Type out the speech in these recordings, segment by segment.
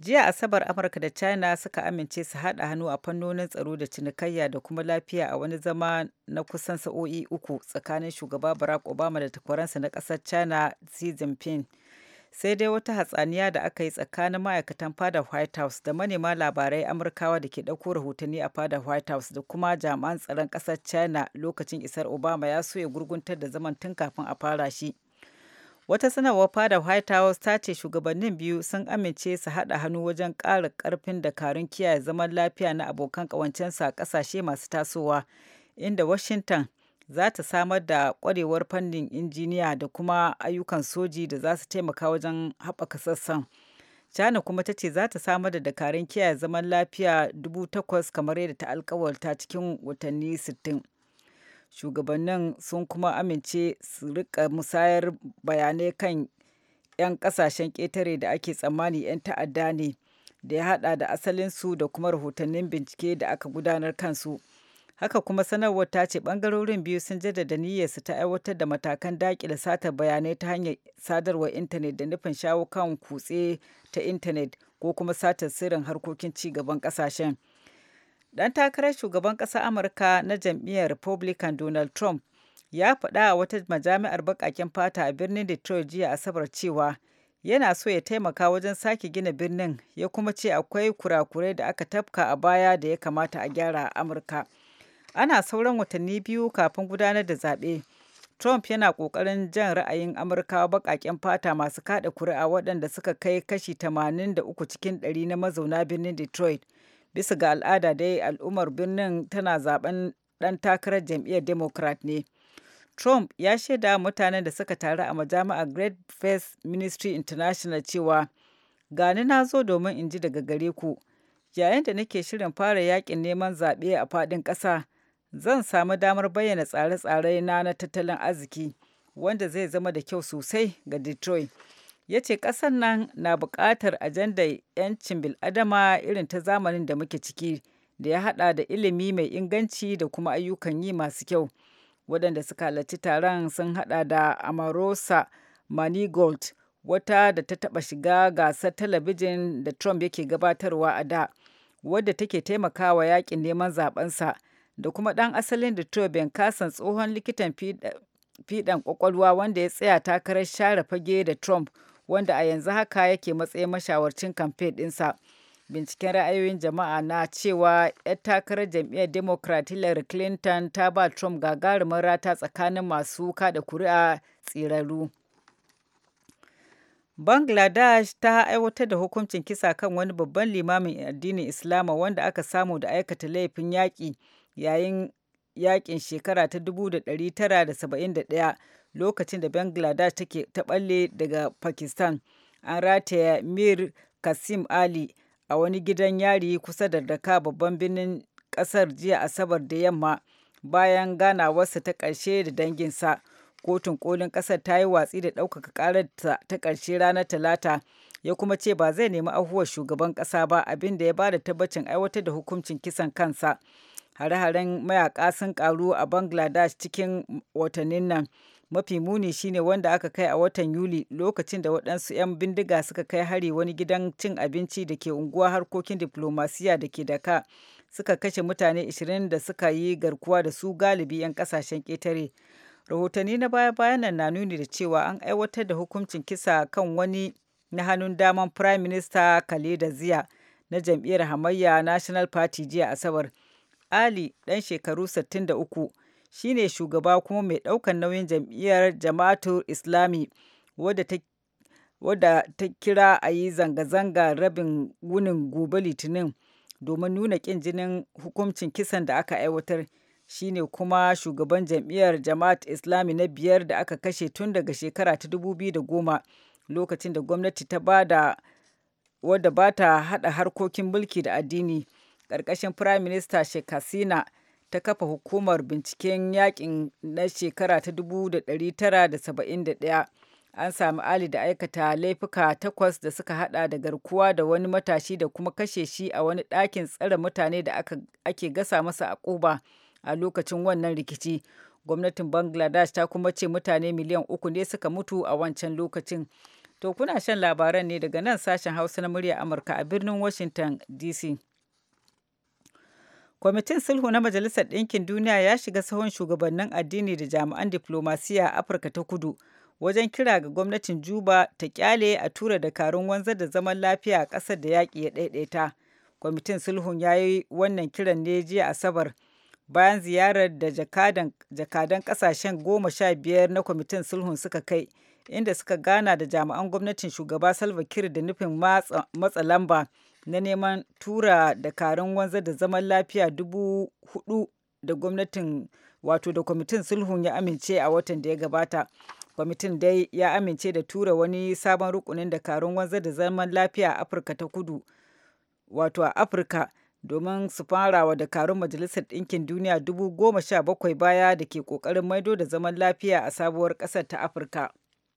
jiya asabar amurka da china suka amince su haɗa hannu a fannonin tsaro da cinikayya da kuma lafiya a wani zama na kusan sa'o'i uku tsakanin shugaba barack obama da takwaransa na ƙasar china xi jinping sai dai wata hatsaniya da aka yi tsakanin ma'aikatan fada white house da manema labarai amurkawa da ke ɗauko rahotanni a fada white house da kuma jami'an tsaron ƙasar china lokacin isar obama ya so ya gurguntar da zaman tun kafin a fara shi Wata sanarwar fadar White House ta ce shugabannin biyu sun amince su haɗa hannu wajen ƙara ƙarfin dakarun kiyaye zaman lafiya na abokan ƙawancensa a ƙasashe masu tasowa, inda Washington za ta samar da ƙwarewar fannin injiniya da kuma ayyukan soji da za su taimaka wajen haɓaka sassan. China kuma ta ce za ta samar da dakarun kiyaye zaman lafiya 8,000 kamar yadda ta alkawarta cikin watanni 60. shugabannin sun kuma amince su rika musayar bayanai kan 'yan kasashen ƙetare da ake tsammani 'yan ta'adda ne da ya hada da asalinsu da kuma rahotannin bincike da aka gudanar kansu haka kuma sanarwar ta ce bangarorin biyu sun jaddada niyyar su ta aiwatar da matakan dakile satar bayanai ta hanyar sadarwar intanet da nufin shawo kan kutse ta intanet ko kuma satar sirrin harkokin ci gaban kasashen. Dan takarar shugaban ƙasar Amurka na jam'iyyar Republican Donald Trump ya faɗa a wata majami'ar baƙaƙen fata a birnin Detroit jiya Asabar cewa yana so ya taimaka wajen sake gina birnin ya kuma ce akwai kurakurai da aka tafka a baya da ya kamata a gyara a Amurka. Ana sauran watanni biyu kafin gudanar da zaɓe. Trump yana ƙoƙarin jan ra'ayin amurka baƙaƙen fata masu kaɗa kuri'a waɗanda suka kai kashi 83 cikin 100 na mazauna birnin Detroit bisa ga al'ada dai al'ummar birnin tana zaben ɗan takarar jam'iyyar democrat ne trump ya shaida mutanen da suka taru a majami'a great Face ministry international cewa gani na zo domin in ji daga gare ku yayin da nake shirin fara yakin neman zaɓe a faɗin ƙasa zan samu damar bayyana tsare-tsare na na tattalin arziki wanda zai zama da kyau sosai ga detroit ya ce ƙasar nan na buƙatar ajandar 'yancin bil'adama irin ta zamanin da muke ciki da ya haɗa da ilimi mai inganci da kuma ayyukan yi masu kyau waɗanda suka halarci taron sun haɗa da amarosa manigold wata da ta taɓa shiga gasar talabijin da trump yake gabatarwa a da wadda take taimakawa yakin neman zabensa da kuma ɗan asalin detroit ben kasan tsohon likitan fiɗan kwakwalwa wanda ya tsaya takarar share fage da trump wanda a yanzu haka yake matsayin mashawarcin kamfe ɗinsa. Binciken ra'ayoyin jama'a na cewa 'yar takarar jam'iyyar Democrat Hillary Clinton ta ba Trump gagarumin rata tsakanin masu kada kuri'a tsirarru. Bangladesh ta aiwatar da hukuncin kisa kan wani babban limamin addinin Islama wanda aka samu da aikata laifin yaƙi yayin yaƙin shekara ta 1971 lokacin da bangladesh take ta balle daga pakistan an rataya mir kasim ali a wani gidan yari kusa da daka babban birnin ƙasar jiya asabar da yamma bayan ganawarsa ta ƙarshe da danginsa kotun kolin ƙasar ta yi watsi da ɗaukaka ƙarar ta ƙarshe ranar talata ya kuma ce ba zai nemi ahuwar shugaban ƙasa ba abin da ya ba da tabbacin aiwatar da hukuncin kisan kansa hare-haren mayaka sun karu a bangladesh cikin watannin nan mafi muni shine wanda aka kai a watan yuli lokacin da waɗansu 'yan bindiga suka kai hari wani gidan cin abinci da ke unguwa harkokin diplomasiya da ke daka suka kashe mutane 20 da suka yi garkuwa da su galibi 'yan kasashen ƙetare rahotanni na baya-bayan nan na nuni da cewa an aiwatar da hukuncin kisa kan wani na hannun daman prime minister khaleda ziya na jam'iyyar hamayya national party jiya asabar ali ɗan shekaru 63 shine shugaba kuma mai ɗaukar nauyin jam'iyyar jama'atu islami wadda ta kira a yi zanga-zanga rabin wunin gobe litinin domin nuna ƙin jinin hukuncin kisan da aka aiwatar shine kuma shugaban jam'iyyar jama'at islami na biyar da aka kashe tun daga shekara ta 2010 lokacin da gwamnati ta da wadda ba ta haɗa harkokin mulki da addini ƙarƙashin firaminista shekasina ta kafa hukumar binciken yakin na shekara ta 1971 an sami ali da aikata laifuka takwas da suka hada da garkuwa da wani matashi da kuma kashe shi a wani ɗakin tsare mutane da ake gasa masa a ƙuba a lokacin wannan rikici gwamnatin bangladesh ta kuma ce mutane miliyan uku ne suka mutu a wancan lokacin to kuna shan labaran ne daga nan sashen hausa na murya amurka a birnin washington dc kwamitin sulhu na majalisar ɗinkin duniya ya shiga sahun shugabannin addini da jami'an diflomasiyya a afirka ta kudu wajen kira ga gwamnatin juba ta kyale a tura da karun wanzar da zaman lafiya a ƙasar da yaƙi ya ɗaiɗaita kwamitin sulhun ya yi wannan kiran ne jiya asabar bayan ziyarar da jakadan ƙasashen goma sha biyar na kwamitin sulhun suka kai inda suka gana da jami'an gwamnatin shugaba salva kiir da nufin matsa lamba na neman tura dakarun wanzar da zaman lafiya dubu hudu da gwamnatin wato da kwamitin sulhun ya amince a watan da ya gabata kwamitin dai ya amince da tura wani sabon rukunin dakarun wanzar da zaman lafiya a afirka ta kudu wato a afirka domin su fara wa dakarun majalisar ɗinkin duniya dubu goma sha bakwai baya da ke ƙoƙarin maido da zaman lafiya a sabuwar ƙasar ta afirka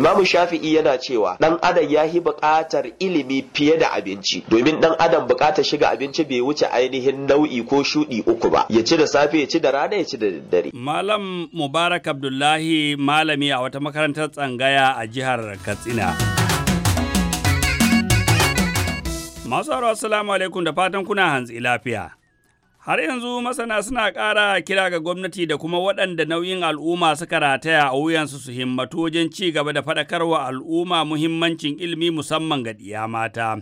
Imam Shafi'i yana cewa dan adam ya yi buƙatar ilimi fiye da abinci domin dan adam buƙatar shiga abinci bai wuce ainihin nau'i ko shuɗi uku ba ya ci da safe ya ci da rana ya ci da daddare. Malam Mubarak Abdullahi malami a wata makarantar tsangaya a jihar Katsina. Masu haro assalamu alaikum da fatan kuna hantsi lafiya. Har yanzu masana suna ƙara kira ga gwamnati da kuma waɗanda nauyin al'umma suka rataya a wuyansu su himmatu wajen ci gaba da faɗakarwa al'umma muhimmancin ilimi musamman ga ɗiya mata.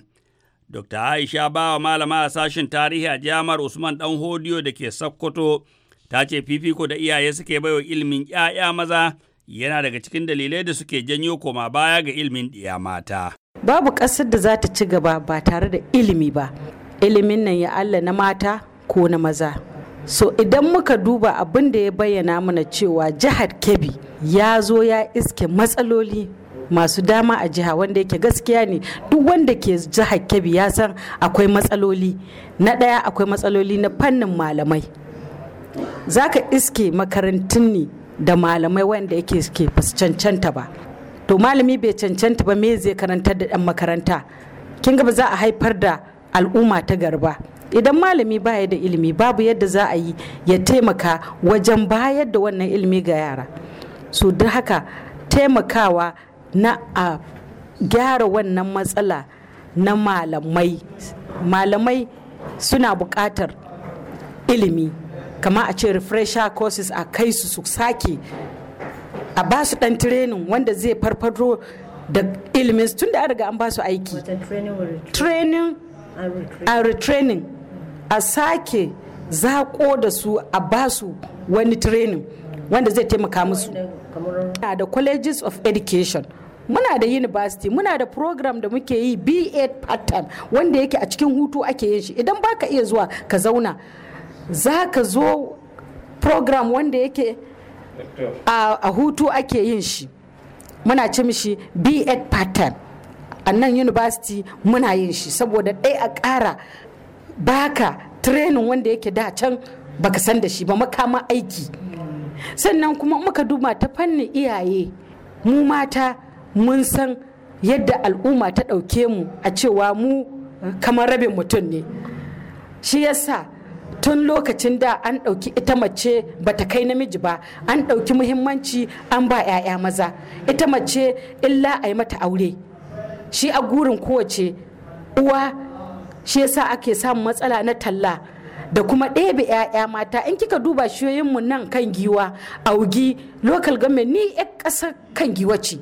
Dr. Aisha Bawa malama a sashen tarihi a jami'ar Usman Dan Hodiyo da ke Sokoto ta ce fifiko da iyaye suke baiwa ilimin ‘ya'ya maza yana daga cikin dalilai da suke janyo koma baya ga ilimin ɗiya mata. Babu ƙasar da za ta ci gaba ba tare da ilimi ba. Ilimin nan ya Allah na mata ko na maza so idan muka duba abin da ya bayyana mana cewa jihar kebbi ya zo ya iske matsaloli masu dama a jiha wanda yake gaskiya ne duk wanda ke jihar kebbi ya san akwai matsaloli na ɗaya akwai matsaloli na fannin malamai za ka iske makarantun ne da malamai wanda yake ke cancanta ba to malami bai cancanta ba me zai karantar da ɗan makaranta kin ga ba za a haifar da al'umma ta garba idan malami baya da ilimi babu yadda za a yi ya taimaka wajen bayar da wannan ilimi ga yara su don haka taimakawa na a gyara wannan matsala na malamai malamai suna buƙatar ilimi kama a ce refresher courses a kai su su sake a ba su ɗan training wanda zai farfado da ilimin tun da an riga an ba su aiki training and retraining a sake zaƙo da su a basu wani training wanda zai taimaka musu muna da colleges of education muna da university muna da program da muke yi b8 pattern wanda yake a cikin hutu ake yin shi idan baka iya zuwa ka zauna za ka zo program wanda yake a, hutu ake yin shi muna ci mishi b8 pattern a nan university muna yin shi saboda ɗaya a ƙara baka trenin wanda yake da can baka san da shi ba makama aiki sannan kuma muka duba ta fannin iyaye mu mata mun san yadda al'umma ta ɗauke mu a cewa mu kamar rabin mutum ne shi yasa tun lokacin da an ɗauki ita mace ba ta kai namiji ba an ɗauki muhimmanci an ba 'ya'ya maza ita mace illa a yi mata aure shi a gurin kowace uwa shi yasa ake samun matsala na talla da kuma ɗebe 'ya'ya mata in kika duba mu nan kan giwa augi local government ni 'yan ƙasar kan giwa ce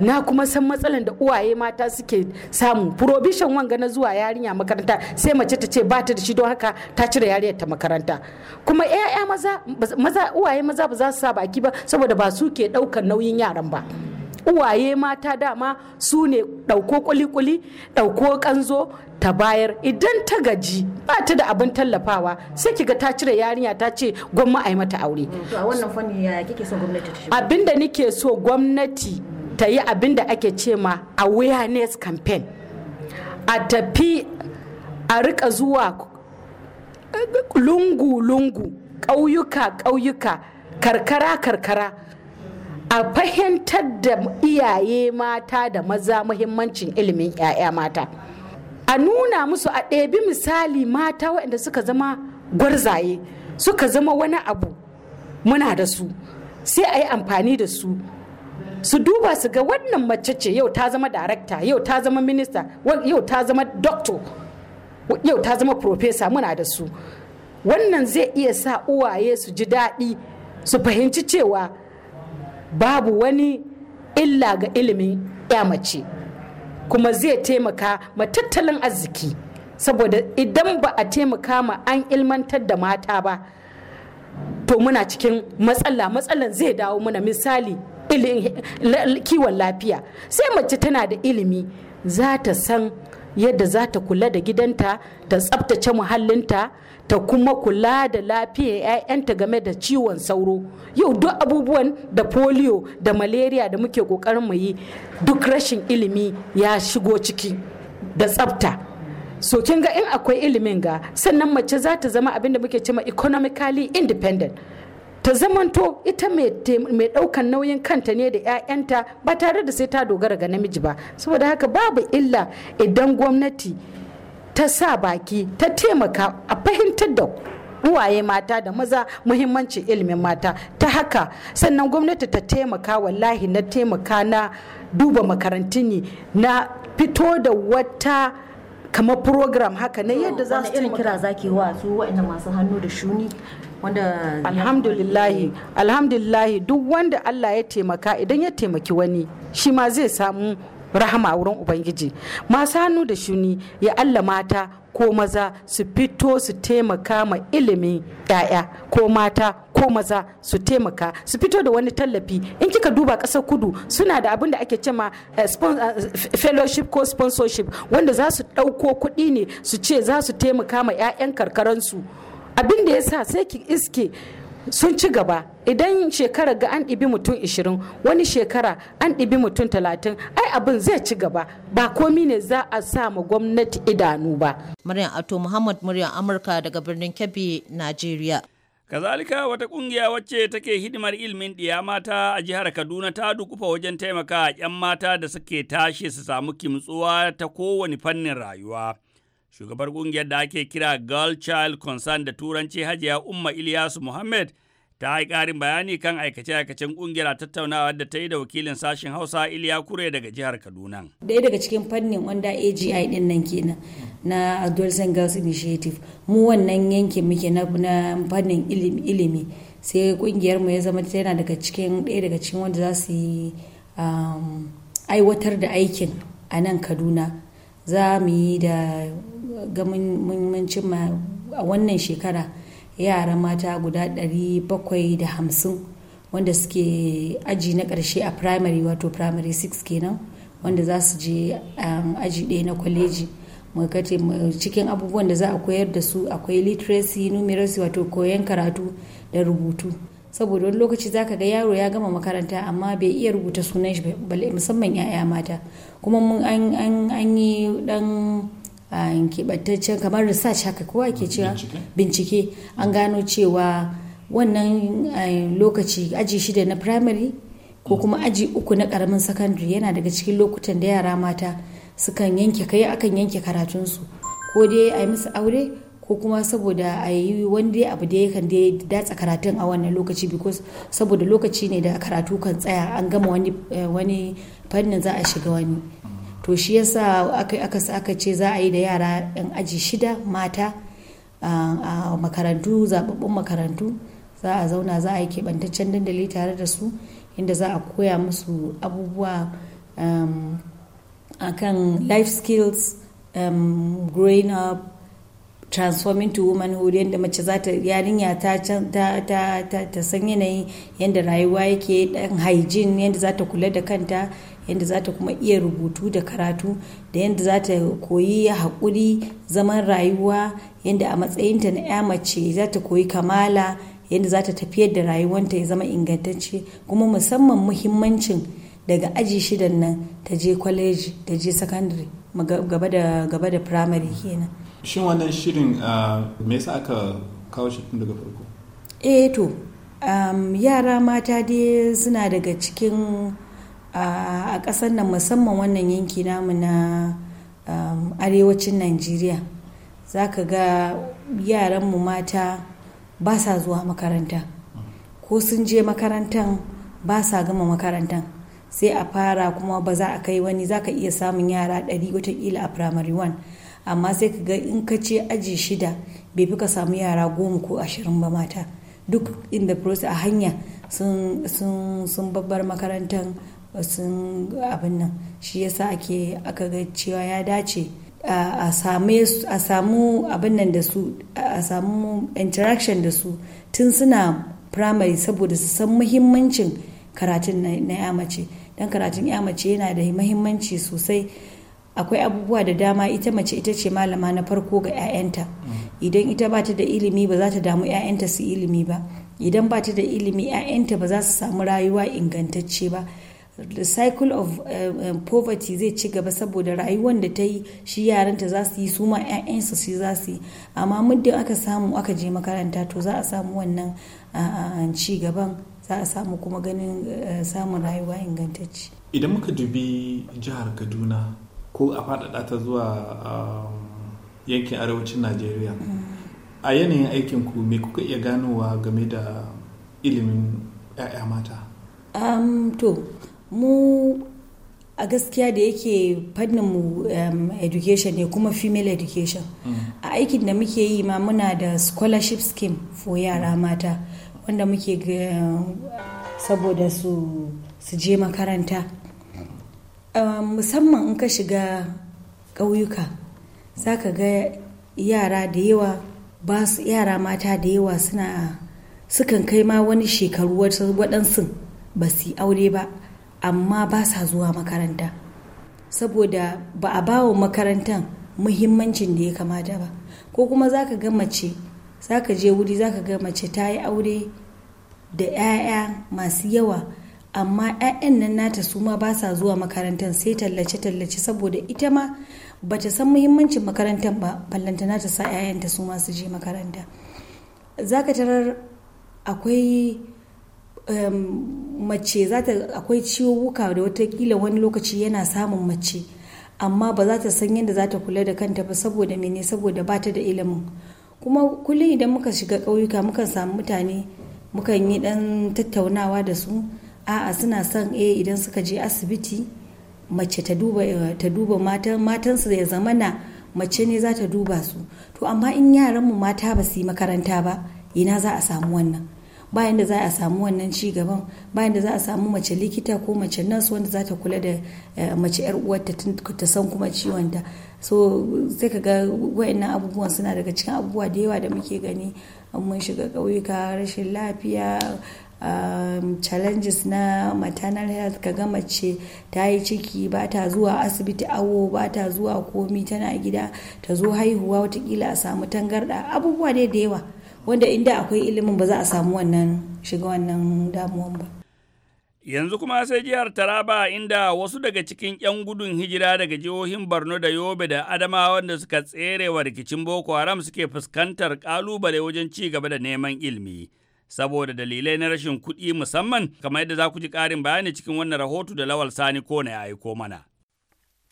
na kuma san matsalan da uwaye mata suke samu provision wanga na zuwa yarinya makaranta sai mace ta ce ba ta da shi don haka ta cire yarinyar ta makaranta kuma yaya maza maza uwaye maza ba za su sa baki ba saboda ba su ke ɗaukar nauyin yaran ba uwaye mata dama su ne ɗauko kuli-kuli ɗauko ƙanzo ta bayar idan ta gaji ba ta da abin tallafawa sai kiga ta cire yarinya ta ce gwamma a yi mata aure. Mm, abin da nike so gwamnati ta yi abin da ake ce ma awareness campaign a tafi a rika zuwa lungu-lungu ƙauyuka-ƙauyuka karkara-karkara a fahimtar da iyaye mata da maza muhimmancin ilimin 'ya'ya mata a nuna musu a ɗebi misali mata waɗanda suka zama gwarzaye suka zama wani abu muna da su sai a yi amfani da su su duba su ga wannan mace ce yau ta zama darakta yau ta zama minista yau ta zama doctor yau ta zama profesa muna da su wannan zai iya sa uwaye su ji daɗi su fahimci cewa babu wani illa ga ilimin ya mace kuma zai taimaka ma tattalin arziki saboda idan ba a taimaka ma an ilmantar da mata ba to muna cikin matsala matsalan zai dawo muna misali kiwon lafiya sai mace tana da ilimi za ta san yadda za ta kula da gidanta ta tsabtace muhallinta ta kuma kula da lafiyar 'ya'yanta game da ciwon sauro yau duk abubuwan da polio da malaria da muke kokarin mu yi duk rashin ilimi ya shigo ciki da tsafta so kin ga in akwai ilimin ga sannan mace za ta zama abin da muke cema economically independent ta zamanto ita mai ɗaukan nauyin kanta ne da 'ya'yanta ba tare da sai ta dogara ga namiji ba saboda haka babu illa idan gwamnati ta sa baki ta taimaka a fahimtar da uwaye mata da maza muhimmancin ilimin mata ta haka sannan gwamnati ta taimaka wallahi na taimaka na duba makarantuni na fito da wata kama program haka na yadda za su irin kira zaki wa su wa'ina masu hannu da shuni wanda alhamdulillahi alhamdulillahi duk wanda Allah ya taimaka idan ya taimaki wani shi ma zai samu rahama a wurin ubangiji masu hannu da shuni ya allah mata ko maza su fito su taimaka ma ilimin ya'ya ko mata ko maza su taimaka su fito da wani tallafi in kika duba kasar kudu suna da abin da ake cema eh, eh, fellowship ko sponsorship wanda za su ɗauko kuɗi ne su ce za su taimaka ma 'ya'yan karkaransu abin da ya sa sai ki iske sun ci gaba idan shekara ga an ɗibi mutum 20 wani shekara an ɗibi mutum 30 ai abin zai ci gaba ba komi ne za a sa ma gwamnati idanu ba. Muryan Ato Muhammad muryar Amurka daga birnin Kebbi, Najeriya. Kazalika wata kungiya wacce take hidimar ilimin ɗiya mata a jihar Kaduna ta dukufa wajen taimaka 'yan mata da suke tashi su samu kimtsuwa ta kowane fannin rayuwa. Shugabar kungiyar da ake kira Girl Child Concern da Turanci Hajiya Umma Ilyasu Muhammad ta yi karin bayani kan aikace-aikacen ƙungiyar tattaunawa da ta yi da wakilin sashen Hausa Iliya Kure daga jihar Kaduna. daya daga cikin fannin wanda AGI ɗin nan kenan na Adolescent Girls Initiative mu wannan yankin muke na fannin ilimi sai kungiyar mu ya zama yana daga cikin ɗaya daga cikin wanda za su yi um, aiwatar da aikin a nan Kaduna za mu yi da ga cimma a wannan shekara yara mata guda 750 wanda suke aji na ƙarshe a primary wato primary 6 kenan wanda za su je um, aji ɗaya na kwaleji cikin abubuwan da za a koyar da su akwai literacy numeracy wato koyan karatu da rubutu saboda wani lokaci zaka ga yaro ya gama makaranta amma bai iya rubuta sunan shi musamman 'ya'ya mata kuma mun an yi dan a keɓantaccen kamar research haka kowa ke cewa bincike an gano cewa wannan lokaci aji shida na primary ko mm. kuma aji uku na karamin secondary yana daga cikin lokutan da yara mata sukan yanke kai akan yanke karatunsu ko dai a yi musu aure ko kuma saboda a yi wani abu da yakan da datsa karatun a wannan lokaci because saboda lokaci ne da karatu kan tsaya an gama wani eh, fannin za a shiga wani mm. to shi yasa aka aka ce za a yi da yara yan aji shida mata a makarantu zababbun makarantu za a zauna za a yi keɓantaccen dandali tare da su inda za a koya musu abubuwa um, a kan life skills um, growing up transforming to womanhood yadda mace za ta yarinya ta ta ta san yanayin yadda rayuwa yake dan hygiene yadda za ta kula da kanta yadda za ta kuma iya rubutu da karatu da yadda za ta koyi haƙuri zaman rayuwa yadda a matsayinta na 'ya mace za ta koyi kamala yadda za ta tafiyar da rayuwanta ya zama ingantacce kuma musamman muhimmancin daga aji shidan nan ta je kwaleji ta je sakandare gaba da gaba da primary kenan shin wannan shirin ah, me yasa aka kawo shi tun daga farko eh to yara mata dai suna daga cikin a ƙasar nan musamman wannan yanki namu na um, arewacin najeriya za ka ga yaranmu mata ba sa zuwa makaranta ko sun je makarantan ba sa gama makarantan sai a fara kuma ba za a kai wani za ka iya samun yara 100 watakila a primary 1 amma sai ka ga in ka ce aji shida bai fi ka samu yara goma ko ashirin ba mata duk inda process a hanya sun babbar makarantar sun abin nan shi yasa ake aka ga cewa ya dace a samu abin nan da su a samu interaction da su tun suna primary saboda su san muhimmancin karatun na ya mace don karatun ya mace yana da muhimmanci sosai akwai abubuwa da dama ita mace ita ce malama na farko ga 'ya'yanta idan ita ba ta da ilimi ba za ta damu 'ya'yanta su ilimi ba idan ba ta da ilimi 'ya'yanta ba za su samu rayuwa ingantacce ba the cycle of eh, eh, poverty zai ci gaba saboda rayuwar da ta yi shi yaranta za su yi su ma 'ya'yansu su za su yi amma muddin aka samu aka je makaranta to za a samu wannan ci gaban za a samu kuma ganin eh, samun rayuwa ingantacci idan muka dubi jihar kaduna ko a faɗaɗa ta zuwa um, yankin arewacin najeriya a yanayin aikin ku me kuka iya ganowa game da ilimin 'ya'ya mata to mu a gaskiya da yake fannin mu um, education ne kuma female education mm. a aikin da muke yi ma muna da scholarship scheme for yara mm. mata wanda muke saboda su su je makaranta um, musamman in ka shiga ƙauyuka za ka ga yara da yawa ba su yara mata da yawa suna sukan kai ma wani shekaru waɗansu ba su aure ba amma ba sa zuwa makaranta saboda ba a bawa makarantan muhimmancin da ya kamata ba ko kuma za ka ga mace za ka je wuri za ka ga mace ta yi aure da 'ya'ya masu yawa amma 'ya'yan nan nata su ma ba sa zuwa makarantar sai tallace-tallace saboda ita ma ba ta san muhimmancin makarantar ba ballanta nata sa 'ya'yanta su ma su je makaranta za ka tarar akwai Um, mace za ta akwai ciwuka da watakila wani lokaci yana samun mace amma ba za ta san yadda za ta kula da kanta ba saboda mene saboda ba ta da ilimin kuma kullum idan muka shiga ƙauyuka muka samu mutane muka yi ɗan tattaunawa da su a'a suna son eh idan suka je asibiti mace ta duba eh, ta duba matan matansu ya zamana mace ne za ta duba su to amma in yaran mu mata ba su yi makaranta ba ina za a samu wannan bayan da za a samu wannan ci gaban bayan da za a samu mace likita ko mace nurse wanda za ta kula da eh, mace yar uwarta ta san kuma ciwonta so sai ka ga wayannan abubuwan suna daga cikin abubuwa da yawa da muke gani mun shiga ƙauyuka rashin lafiya um, challenges na maternal health ga mace ta yi ciki ba ta zuwa asibiti awo ba ta zuwa komi tana gida ta zo haihuwa watakila a samu tangarda abubuwa dai da yawa wanda inda akwai ilimin ba za a samu wannan shiga wannan damuwan ba yanzu kuma sai jihar taraba inda wasu daga cikin 'yan gudun hijira daga jihohin borno da yobe da adama wanda suka tsere wa rikicin boko haram suke fuskantar kalubale wajen ci gaba da neman ilimi saboda dalilai na rashin kuɗi musamman kamar yadda za ku ji ƙarin bayani cikin wannan rahoto da lawal sani na ya aiko mana.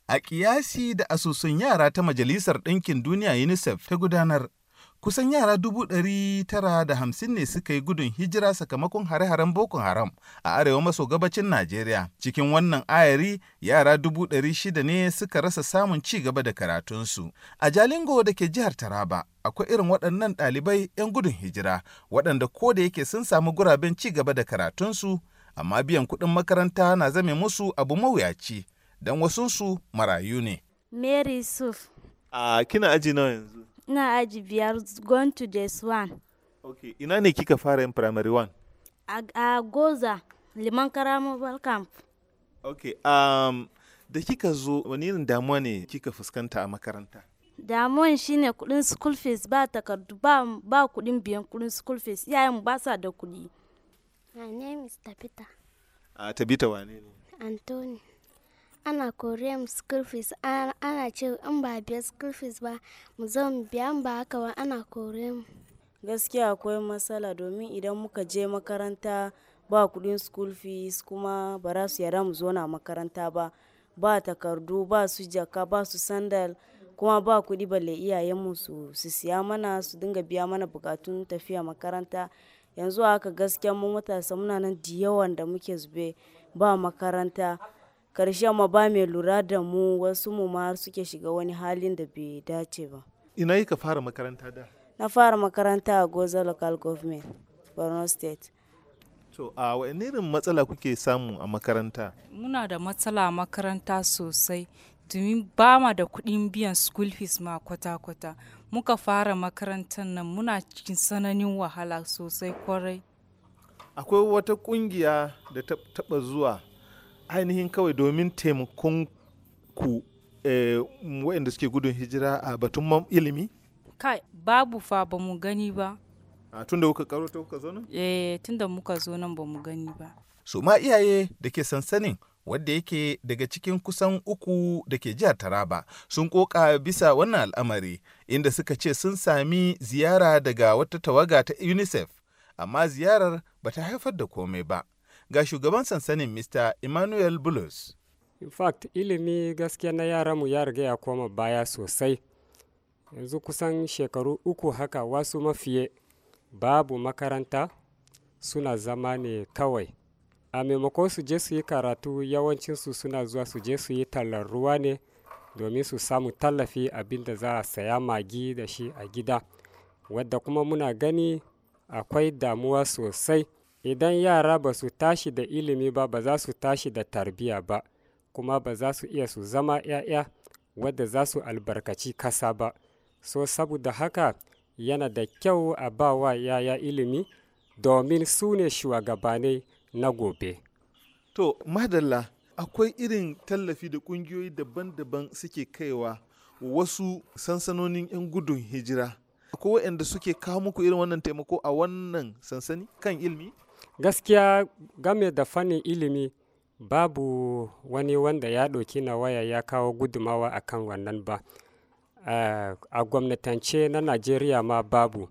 A ƙiyasi da asusun yara ta Majalisar Ɗinkin Duniya UNICEF ta gudanar kusan yara dubu ɗari tara da hamsin ne suka yi gudun hijira sakamakon hare-haren Boko Haram a arewa maso gabacin Najeriya. Cikin wannan ayari yara dubu ɗari shida ne suka rasa samun ci gaba da karatunsu. A Jalingo da ke jihar Taraba akwai irin waɗannan ɗalibai 'yan gudun hijira waɗanda ko da yake sun samu guraben ci gaba da karatunsu amma biyan kuɗin makaranta na zame musu abu mawuyaci don wasunsu marayu ne. Mary Suf. Uh, kina aji nawa yanzu? Ina aji biyar going to JS1. Ok, ina ne kika fara yin primary one? A, a Goza, Liman Karamo Camp. Ok, um, da kika zo wani irin damuwa ne kika fuskanta a makaranta? Damuwan shine kudin school fees ba takardu ba, ba kudin biyan kudin school fees iyayen ba sa da kudi. My name is Tabita. A ah, Tabita wane ne? Anthony. ana korean school fees ana ce in ba biya school fees ba mu zo mu biya ba haka ba ana korean gaskiya akwai matsala domin idan muka je makaranta ba kudin school fees kuma ba za su yara mu zo na makaranta ba ba takardu ba su jaka ba su sandal kuma ba kuɗi balle iyayen su su siya mana su dinga biya mana bukatun tafiya makaranta yanzu haka gaskiya mu matasa muna nan da yawan da muke zube ba makaranta karshen ma ba mai lura da mu wasu mu ma suke shiga wani halin da bai dace ba ina yi ka fara makaranta da na fara makaranta a goza local government borno state to a wani irin matsala kuke samu a makaranta muna da matsala a makaranta sosai domin ba ma da kuɗin biyan school fees ma kwata-kwata muka fara makarantar nan muna cikin sananin wahala sosai kwarai akwai wata ƙungiya da taɓa zuwa ainihin kawai domin taimakon ku eh, waɗanda suke gudun hijira a batun ilimi? Kai, babu fa ba mu gani ba. A tun kuka karo ta kuka zo nan? Eh, tun muka zo nan ba mu gani ba. Su ma iyaye da ke sansanin wadda yake daga cikin kusan uku da ke jihar Taraba sun koka bisa wannan al'amari inda suka ce sun sami ziyara daga wata tawaga ta UNICEF amma ziyarar ba ta haifar da komai ba. ga shugaban sansanin Mr. Emmanuel Bulus. In fact ilimi gaskiya na mu ya riga ya koma baya sosai. Yanzu kusan shekaru uku haka wasu mafiye babu makaranta suna zama ne kawai. A maimakon su je su yi karatu yawancinsu suna zuwa su je su yi tallar ruwa ne domin su samu tallafi abinda za a saya magi da shi a gida. Wadda kuma muna gani akwai damuwa sosai. idan yara ba su tashi da ilimi ba ba za su tashi da tarbiyya ba kuma ba za su iya su zama 'ya'ya wadda za su albarkaci kasa ba so saboda haka yana da kyau a ba wa 'ya'ya ilimi domin su ne shugabanai na gobe to madalla akwai irin tallafi da kungiyoyi daban-daban suke kaiwa wasu sansanonin 'yan gudun hijira akwai waɗanda suke kawo muku irin wannan taimako a wannan sansani kan ilimi. Gaskiya game da fannin ilimi babu wani wanda ya ɗauki na waya ya kawo gudumawa kan wannan ba. Eh, a gwamnatance na Najeriya ma babu.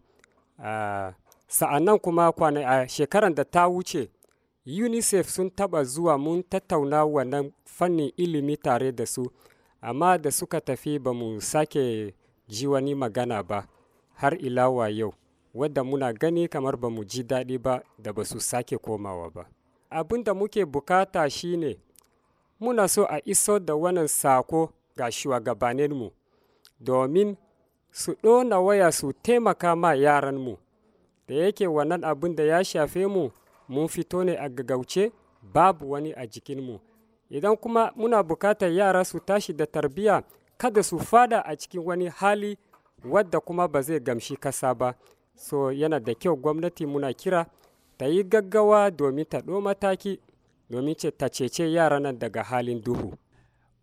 Uh, sa'annan kuma kwana a shekaran da ta wuce UNICEF sun taba zuwa mun tattauna wannan fannin ilimi tare da su, amma da suka tafi ba mu sake ji wani magana ba har ilawa yau. wadda muna gani kamar ba mu ji daɗi ba da ba su sake komawa ba abin da muke bukata shine muna so a iso da wannan sako ga shugabaninmu domin su ɗona waya su taimaka ma yaranmu da yake wannan abin da ya shafe mu mun fito ne a gagauce babu wani a jikinmu idan kuma muna bukatar yara su tashi da tarbiyya kada su fada a cikin wani hali wadda kuma ba zai gamshi kasa ba so yana da kyau gwamnati muna kira ta yi gaggawa domin ta ɗo mataki domin ta cece yara nan daga halin duhu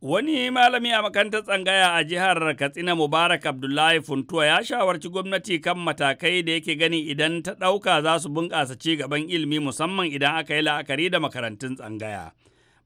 Wani malami a makarantar tsangaya a jihar Katsina Mubarak Abdullahi Funtuwa ya shawarci gwamnati kan matakai da yake gani idan ta ɗauka za su bunƙasa ci gaban ilimi musamman idan aka yi la'akari da makarantun tsangaya.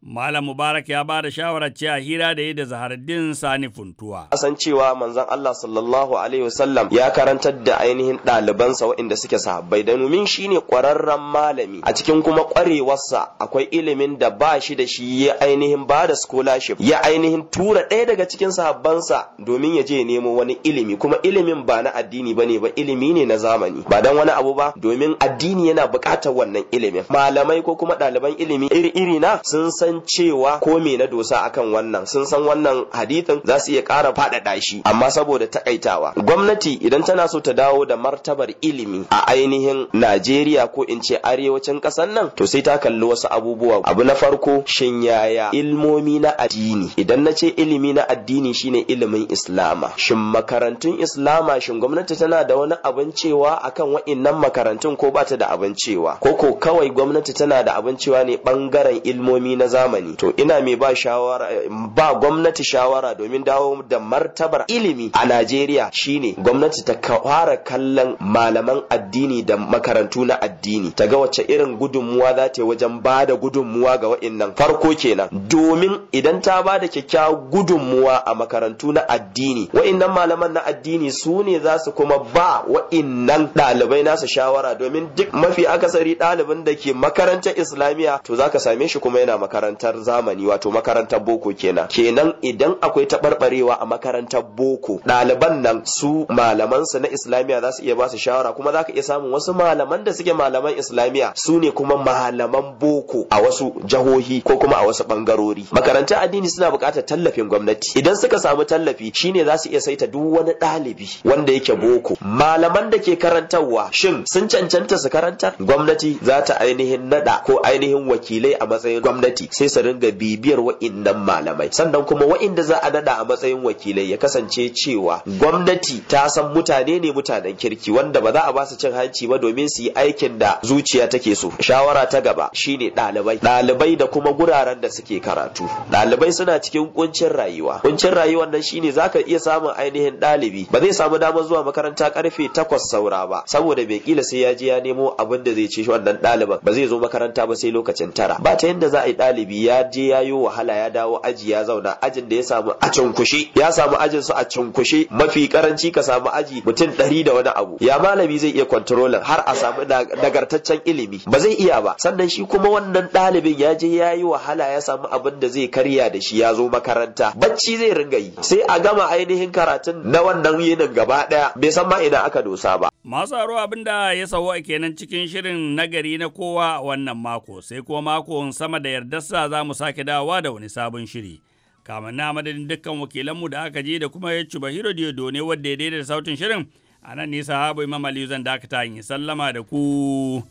Malam Mubarak ya ba da shawarar cewa hira da yi da Zaharaddin Sani Funtuwa. Asan cewa manzon Allah sallallahu alaihi wasallam ya karantar da ainihin ɗalibansa waɗanda suke sahabbai da shi shine ƙwararren malami a cikin kuma ƙwarewarsa akwai ilimin da ba shi da shi ya ainihin ba da scholarship ya ainihin tura ɗaya daga cikin sahabbansa domin ya je nemo wani ilimi kuma ilimin ba na addini ba ne ba ilimi ne na zamani ba dan wani abu ba domin addini yana buƙatar wannan ilimin malamai ko kuma ɗaliban ilimi iri-iri na sun san san cewa ko me na dosa akan wannan sun san wannan hadithin za su iya ƙara faɗaɗa shi amma saboda takaitawa gwamnati idan tana so ta dawo da martabar ilimi a ainihin Najeriya ko in ce arewacin ƙasar nan to sai ta kalli wasu abubuwa abu na farko shin yaya ilmomi na addini idan na ce ilimi na addini shine ilimin islama shin makarantun islama shin gwamnati tana da wani abin cewa akan wa'innan makarantun ko bata da abin cewa ko ko kawai gwamnati tana da abin cewa ne bangaren ilmomi na zamani zamani to ina mai ba shawara ba gwamnati shawara domin dawo da martabar ilimi a Najeriya shine gwamnati ta fara kallon malaman addini da makarantu na addini ta ga wace irin gudunmuwa za ta yi wajen ba da gudunmuwa ga wa'innan farko kenan domin idan ta ba da kyakkyawar gudunmuwa a makarantu na addini wa'annan malaman na addini su ne za su kuma ba wa'innan ɗalibai nasu shawara domin duk mafi akasari ɗalibin da ke makarantar islamiyya to za ka same shi kuma yana makaranta makarantar zamani wato makarantar boko kenan kenan idan akwai taɓarɓarewa a makarantar boko ɗaliban nan su malaman su na islamiyya za su iya ba su shawara kuma za ka iya samun wasu malaman da suke malaman islamiyya su ne kuma malaman boko a wasu jahohi ko kuma a wasu bangarori makarantar addini suna buƙatar tallafin gwamnati idan suka samu tallafi shine za su iya saita duk wani ɗalibi wanda yake boko malaman da ke karantarwa shin sun cancanta su karantar gwamnati za ta ainihin nada ko ainihin wakilai a matsayin gwamnati sai su ringa bibiyar wa'innan malamai sannan kuma wa'inda za a nada a matsayin wakilai ya kasance cewa gwamnati ta san mutane ne mutanen kirki wanda ba za a basu cin hanci ba domin su yi aikin da zuciya take so shawara ta gaba shine ɗalibai ɗalibai da kuma guraren da suke karatu ɗalibai suna cikin kuncin rayuwa kuncin rayuwar nan shine zaka iya samun ainihin ɗalibi ba zai samu damar zuwa makaranta karfe takwas saura ba saboda bai kila sai ya je ya nemo abin da zai ci wannan ɗaliban ba zai zo makaranta ba sai lokacin tara ba ta yadda za a yi ɗalibi ɗalibi ya je ya yi wahala ya dawo aji ya zauna ajin da ya samu a cunkushe ya samu ajin su a cunkushe mafi karanci ka samu aji mutum ɗari da wani abu ya malami zai iya kwantarolin har a samu nagartaccen ilimi ba zai iya ba sannan shi kuma wannan ɗalibin ya je ya yi wahala ya samu abin da zai karya da shi ya zo makaranta bacci zai ringa yi sai a gama ainihin karatun na wannan yinin gaba ɗaya bai san ma ina aka dosa ba. Masu aro abin da ya sauwa kenan cikin shirin nagari na kowa wannan mako sai kuma makon sama da yardarsa sa za mu sake dawowa da wani sabon shiri. Kamar na madadin dukkan wakilanmu da aka je da kuma ya ci Bahiro Diodo ne wadda ya daidaita sautin shirin. A nan nisa habu Imam Aliyu zan dakata in sallama da ku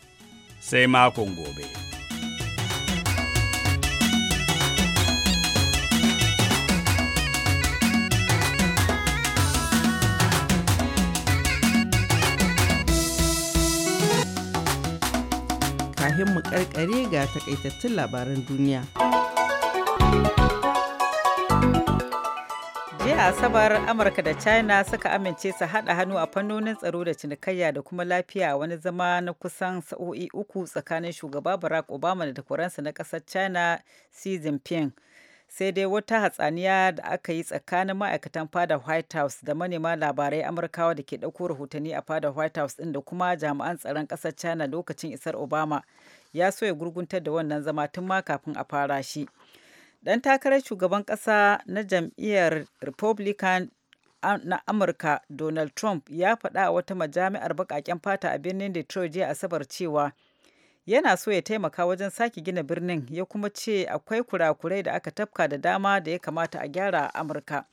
sai makon gobe. fahim mu karkare ga takaitattun labaran duniya. jiya asabar amurka da china suka amince su haɗa hannu a fannonin tsaro da cinikayya da kuma lafiya a wani zama na kusan sa'o'i uku tsakanin shugaba barack obama da takwaransa na ƙasar china xi jinping sai dai wata hatsaniya da aka yi tsakanin ma'aikatan fada white house da manema labarai amurkawa da ke ɗauko rahotanni a fada white house ɗin da kuma jami'an tsaron ƙasar china lokacin isar obama ya so ya gurguntar da wannan zama tun ma kafin a fara shi ɗan takarar shugaban ƙasa na jam'iyyar republican na amurka donald trump ya faɗa a wata majami'ar baƙaƙen fata a birnin detroit jiya asabar cewa yana so ya taimaka wajen sake gina birnin ya kuma ce akwai kurakurai da aka tafka da dama da ya kamata a gyara a amurka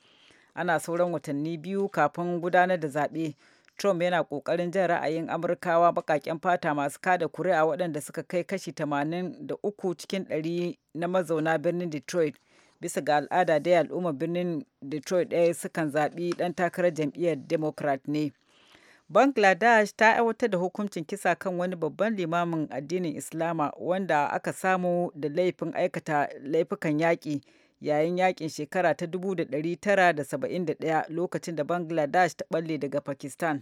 ana sauran watanni biyu kafin gudanar da zaɓe trump yana ƙoƙarin jin ra'ayin amurkawa baƙaƙen fata masu kada kuri'a waɗanda suka kai kashi 83 cikin 100 na mazauna birnin detroit bisa ga al'ada dai al'ummar birnin detroit ɗaya sukan zaɓi ɗan takarar jam'iyyar democrat ne Bangladesh ta aiwatar da hukuncin kisa kan wani babban limamin addinin Islama wanda aka samu da laifin aikata laifukan yaƙi yayin yaƙin shekara ta 1971 lokacin da Bangladesh ta ɓalle daga Pakistan.